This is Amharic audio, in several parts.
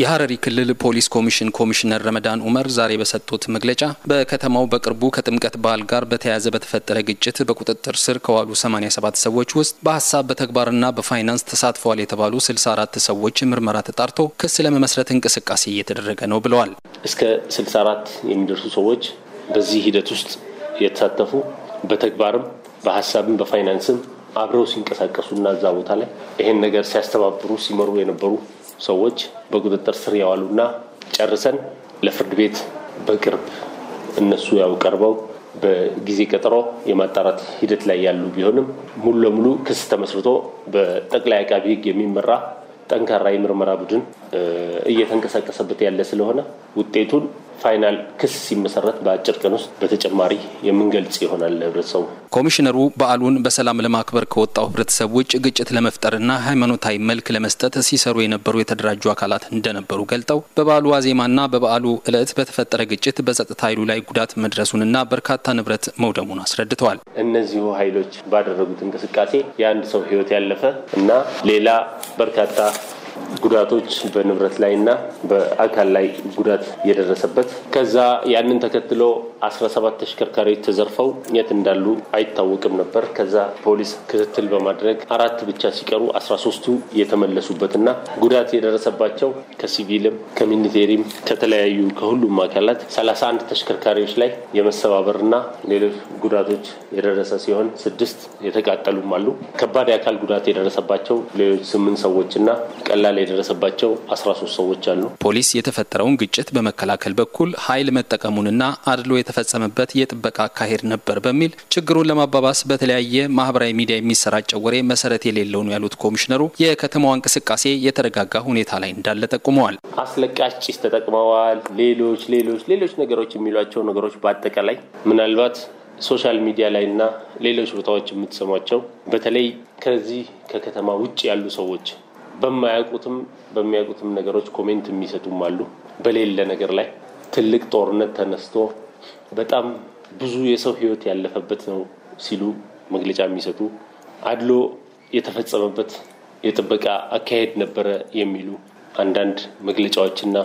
የሀረሪ ክልል ፖሊስ ኮሚሽን ኮሚሽነር ረመዳን ኡመር ዛሬ በሰጡት መግለጫ በከተማው በቅርቡ ከጥምቀት በዓል ጋር በተያያዘ በተፈጠረ ግጭት በቁጥጥር ስር ከዋሉ 87 ሰዎች ውስጥ በሀሳብ በተግባርና በፋይናንስ ተሳትፈዋል የተባሉ 64 ሰዎች ምርመራ ተጣርቶ ክስ ለመመስረት እንቅስቃሴ እየተደረገ ነው ብለዋል። እስከ 64 የሚደርሱ ሰዎች በዚህ ሂደት ውስጥ የተሳተፉ በተግባርም በሀሳብም በፋይናንስም አብረው ሲንቀሳቀሱና እዛ ቦታ ላይ ይሄን ነገር ሲያስተባብሩ ሲመሩ የነበሩ ሰዎች በቁጥጥር ስር ያዋሉና ጨርሰን ለፍርድ ቤት በቅርብ እነሱ ያው ቀርበው በጊዜ ቀጠሮ የማጣራት ሂደት ላይ ያሉ ቢሆንም ሙሉ ለሙሉ ክስ ተመስርቶ በጠቅላይ አቃቢ ሕግ የሚመራ ጠንካራ የምርመራ ቡድን እየተንቀሳቀሰበት ያለ ስለሆነ ውጤቱን ፋይናል ክስ ሲመሰረት በአጭር ቀን ውስጥ በተጨማሪ የምንገልጽ ይሆናል ለህብረተሰቡ። ኮሚሽነሩ በዓሉን በሰላም ለማክበር ከወጣው ህብረተሰብ ውጭ ግጭት ለመፍጠርና ሃይማኖታዊ መልክ ለመስጠት ሲሰሩ የነበሩ የተደራጁ አካላት እንደነበሩ ገልጠው በበዓሉ ዋዜማና በበዓሉ ዕለት በተፈጠረ ግጭት በጸጥታ ኃይሉ ላይ ጉዳት መድረሱንና በርካታ ንብረት መውደሙን አስረድተዋል። እነዚሁ ኃይሎች ባደረጉት እንቅስቃሴ የአንድ ሰው ህይወት ያለፈ እና ሌላ በርካታ ጉዳቶች በንብረት ላይ ና በአካል ላይ ጉዳት የደረሰበት ከዛ ያንን ተከትሎ 17 ተሽከርካሪዎች ተዘርፈው የት እንዳሉ አይታወቅም ነበር። ከዛ ፖሊስ ክትትል በማድረግ አራት ብቻ ሲቀሩ 13ቱ የተመለሱበትና ጉዳት የደረሰባቸው ከሲቪልም ከሚኒቴሪም ከተለያዩ ከሁሉም አካላት 31 ተሽከርካሪዎች ላይ የመሰባበርና ሌሎች ጉዳቶች የደረሰ ሲሆን ስድስት የተቃጠሉም አሉ። ከባድ የአካል ጉዳት የደረሰባቸው ሌሎች ስምንት ሰዎችና ቀላል ቀላል የደረሰባቸው 13 ሰዎች አሉ። ፖሊስ የተፈጠረውን ግጭት በመከላከል በኩል ኃይል መጠቀሙንና አድሎ የተፈጸመበት የጥበቃ አካሄድ ነበር በሚል ችግሩን ለማባባስ በተለያየ ማህበራዊ ሚዲያ የሚሰራጨው ወሬ መሰረት የሌለው ነው ያሉት ኮሚሽነሩ የከተማዋ እንቅስቃሴ የተረጋጋ ሁኔታ ላይ እንዳለ ጠቁመዋል። አስለቃሽ ጭስ ተጠቅመዋል። ሌሎች ሌሎች ሌሎች ነገሮች የሚሏቸው ነገሮች በአጠቃላይ ምናልባት ሶሻል ሚዲያ ላይ እና ሌሎች ቦታዎች የምትሰሟቸው በተለይ ከዚህ ከከተማ ውጭ ያሉ ሰዎች በማያውቁትም በሚያውቁትም ነገሮች ኮሜንት የሚሰጡም አሉ። በሌለ ነገር ላይ ትልቅ ጦርነት ተነስቶ በጣም ብዙ የሰው ህይወት ያለፈበት ነው ሲሉ መግለጫ የሚሰጡ አድሎ የተፈጸመበት የጥበቃ አካሄድ ነበረ የሚሉ አንዳንድ መግለጫዎችና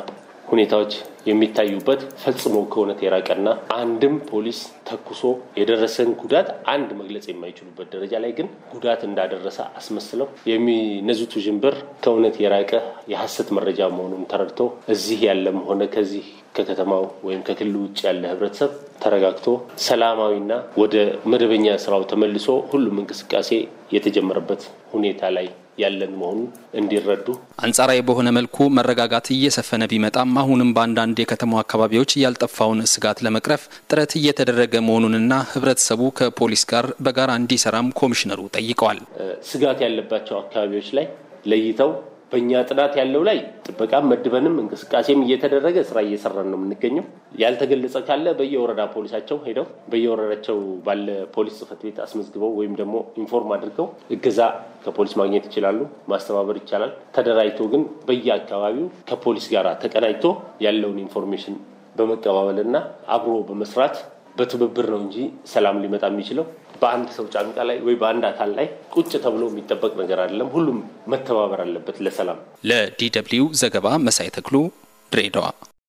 ሁኔታዎች የሚታዩበት ፈጽሞ ከእውነት የራቀና አንድም ፖሊስ ተኩሶ የደረሰን ጉዳት አንድ መግለጽ የማይችሉበት ደረጃ ላይ ግን ጉዳት እንዳደረሰ አስመስለው የሚነዙት ውዥንብር ከእውነት የራቀ የሐሰት መረጃ መሆኑን ተረድቶ እዚህ ያለም ሆነ ከዚህ ከከተማው ወይም ከክልል ውጭ ያለ ህብረተሰብ ተረጋግቶ ሰላማዊና ወደ መደበኛ ስራው ተመልሶ ሁሉም እንቅስቃሴ የተጀመረበት ሁኔታ ላይ ያለን መሆኑ እንዲረዱ አንጻራዊ በሆነ መልኩ መረጋጋት እየሰፈነ ቢመጣም አሁንም በአንዳንድ የከተማ አካባቢዎች ያልጠፋውን ስጋት ለመቅረፍ ጥረት እየተደረገ መሆኑንና ህብረተሰቡ ከፖሊስ ጋር በጋራ እንዲሰራም ኮሚሽነሩ ጠይቀዋል። ስጋት ያለባቸው አካባቢዎች ላይ ለይተው በእኛ ጥናት ያለው ላይ ጥበቃም መድበንም እንቅስቃሴም እየተደረገ ስራ እየሰራን ነው የምንገኘው። ያልተገለጸ ካለ በየወረዳ ፖሊሳቸው ሄደው በየወረዳቸው ባለ ፖሊስ ጽፈት ቤት አስመዝግበው ወይም ደግሞ ኢንፎርም አድርገው እገዛ ከፖሊስ ማግኘት ይችላሉ። ማስተባበር ይቻላል። ተደራጅቶ ግን በየአካባቢው ከፖሊስ ጋር ተቀናጅቶ ያለውን ኢንፎርሜሽን በመቀባበልና አብሮ በመስራት በትብብር ነው እንጂ ሰላም ሊመጣ የሚችለው በአንድ ሰው ጫንቃ ላይ ወይ በአንድ አካል ላይ ቁጭ ተብሎ የሚጠበቅ ነገር አይደለም። ሁሉም መተባበር አለበት ለሰላም። ለዲ ደብልዩ ዘገባ መሳይ ተክሉ ድሬዳዋ